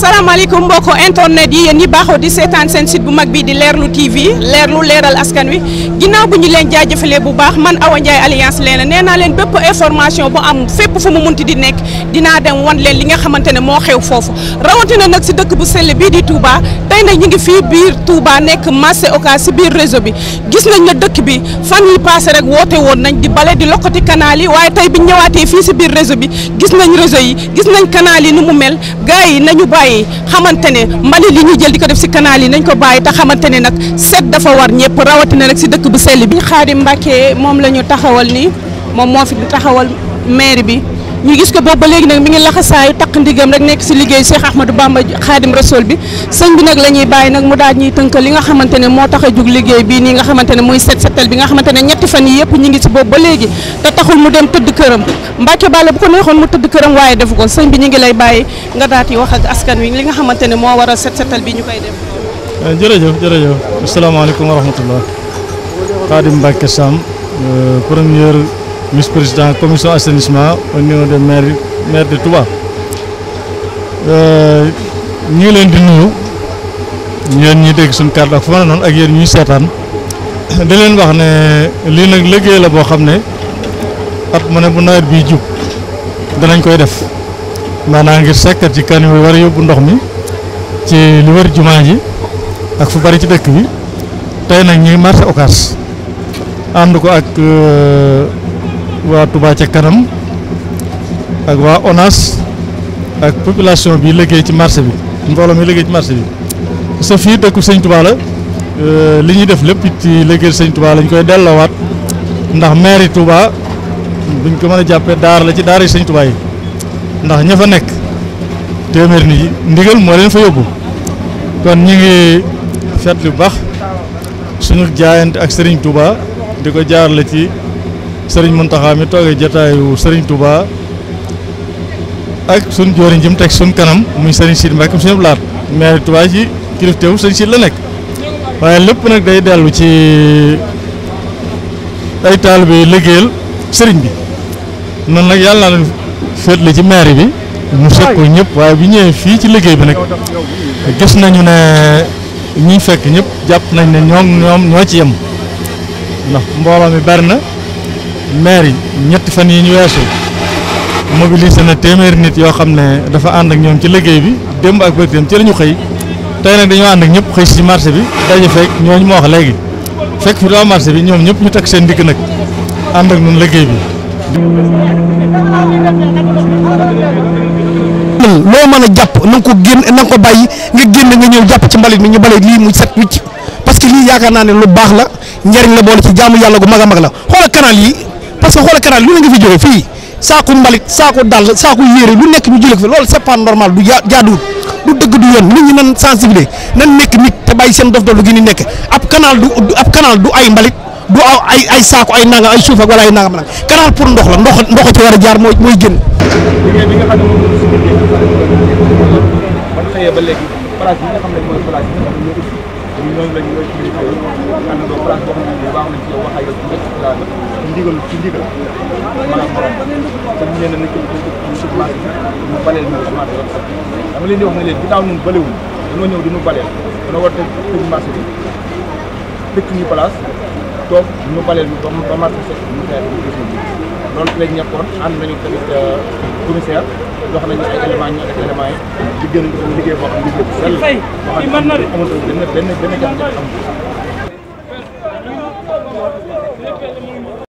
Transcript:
asalaamaaleykum mbokku internet yi yéen ñi baaxoo di seetaan seen sit bu mag bi di leerlu TV leerlu leeral askan wi ginnaaw bu ñu leen jaajëfalee bu baax man Awa Ndiaye alliance leena nee naa leen bépp information bu am fépp fu mu munti di nekk dinaa dem wan leen li nga xamante ne moo xew foofu rawatina nag si dëkk bu sell bii di Touba tey nag ñu ngi fii biir Touba nekk marché Ocass si biir réseau bi gis nañ ne dëkk bi fan yi passé rek woote woon nañ di bale di lokkati canal yi waaye tey bi ñëwaatee fii si biir réseau bi gis nañ réseau yi gis nañ canal yi nu mu mel gars yi nañu bàyyi yi xamante ne mbalit yi ñu jël di ko def si canal yi nañ ko bàyyi te xamante nag seet dafa war ñëpp rawatina nag si dëkk bu sell bi. xaari Mbàkke moom la ñu taxawal ni moom moo fi taxawal maire bi. ñu gis ko bobu legi nak mi ngi laxasaayu tak ndigam rek nek ci liggey Cheikh Ahmadou Bamba Khadim Rasoul bi sëñ bi nak lañuy bay nak mu daal ñuy teunk li nga xamantene mo taxé jug liggey bi ni nga xamantene ne muy set setal bi nga xamantene ñetti fan yi yëpp ñu ngi ci bobu legi ta taxul mu dem tudd kërëm Mbacke Balla bu ko neexon mu tudd kërëm waye def ko sëñ bi ñi ngi lay bay nga daati wax ak askan wi li nga xamantene mo wara set setal bi ñu koy def eh, jërëjëf assalamu alaykum wa rahmatullah Khadim Mbacke Sam euh, premier vice-président de la commission assainissement au niveau de maire, maire de Touba. ñu ngi leen di nuyu ñeen ñi dégg suñu carte ak fu mën a noonu ak yéen ñuy wax ne lii nag liggéey la boo ne at mu bu nawet bi jub danañ koy def maanaam ngir sekkat ci kan yi war a yóbbu ndox mi ci li wër jumaa ji ak fu bari ci dëkk bi tey nag ñi marché Ocass ko ak eh, wa Touba ci kanam ak wa ONAS ak population bi liggéey ci marché bi mbooloo mi liggéey ci marché bi sa fi dekk seigne Touba la euh liñu def lepp ci liggéey seigne Touba lañ koy delo wat ndax maire Touba buñ ko mëna jappé dar la ci daara seigne Touba yi ndax ñafa nek témer ni ndigal mo leen fa yobbu kon ñi ngi fet lu bax suñu jaayante ak seigne Touba diko jaar la ci sëriñ Muntaxa mi toogee jotaayu sëriñ Touba ak suñ jooriñ ji mu teg suñ kanam muy sëriñ Siid Mbàkke suñu blaat maire Touba ci kilifteewu sëriñ Siid la nekk waaye lépp nag day dellu ci ay taalibe liggéeyal sëriñ bi noonu nag yàlla naa leen ci maire bi mu sëg ko waaye bi ñëwee fii ci liggéey bi nag gis nañu ne ñi fekk ñëpp jàpp nañ ne ñoom ñoom ñoo ci yem ndax mbooloo mi bari na maire yi ñetti fan yi ñu weesu mobilisé na téeméeri nit yoo xam ne dafa ànd ak ñoom ci liggéey bi démb ak bëri ci la ñu xëy tey nag ànd ak ñëpp xëy si marché bi daje fekk ñooñu ma wax léegi fekk fi waa marché bi ñoom ñëpp ñu takk seen digg nag ànd ak ñun liggéey bi. loo mën a jàpp na nga ko génn na ko bàyyi nga génn nga ñëw jàpp ci mbalit mi ñu balee lii mu set wicc parce que lii yaakaar naa ne lu baax la njariñ la boole ci jaamu yàlla gu mag a mag la xoolal canal yi. parce que xoolal canal lu ne nga fi jóge fii saako mbalit saako dàll saako yére lu nekk ñu jëlee ko fi loolu c'est pas normal du jaaduwul du dëgg du yoon nit ñi nan sensibiliser nan nekk nit te bàyyi seen dof dof lu gi ni nekk ab canal du ay mbalit du ay ay saako ay nangam ay suuf ak ay nangam nag canal pour ndox la ndox ndox ci war a jaar mooy mooy génn. ñu noonu la ñu doon kilifa yi àndandoo place boo xam ne baax nañ ci yow wax ak leen si place ñu baleel ñu semence bi dama leen di wax ne leen ginnaaw ñun balewul dañoo ñëw di ñu baleel dañoo war a tëj bi dëkk ñu place toog ñu baleel ñu ba marché set ñu xeer ñu loolu lañ nekkoon ànd nañu tamit commissaire jox nañu ay éléments ñu ak éléments yi liggéey nañu liggéey boo xam liggéey bu sell boo xam ne amul benn benn benn jafe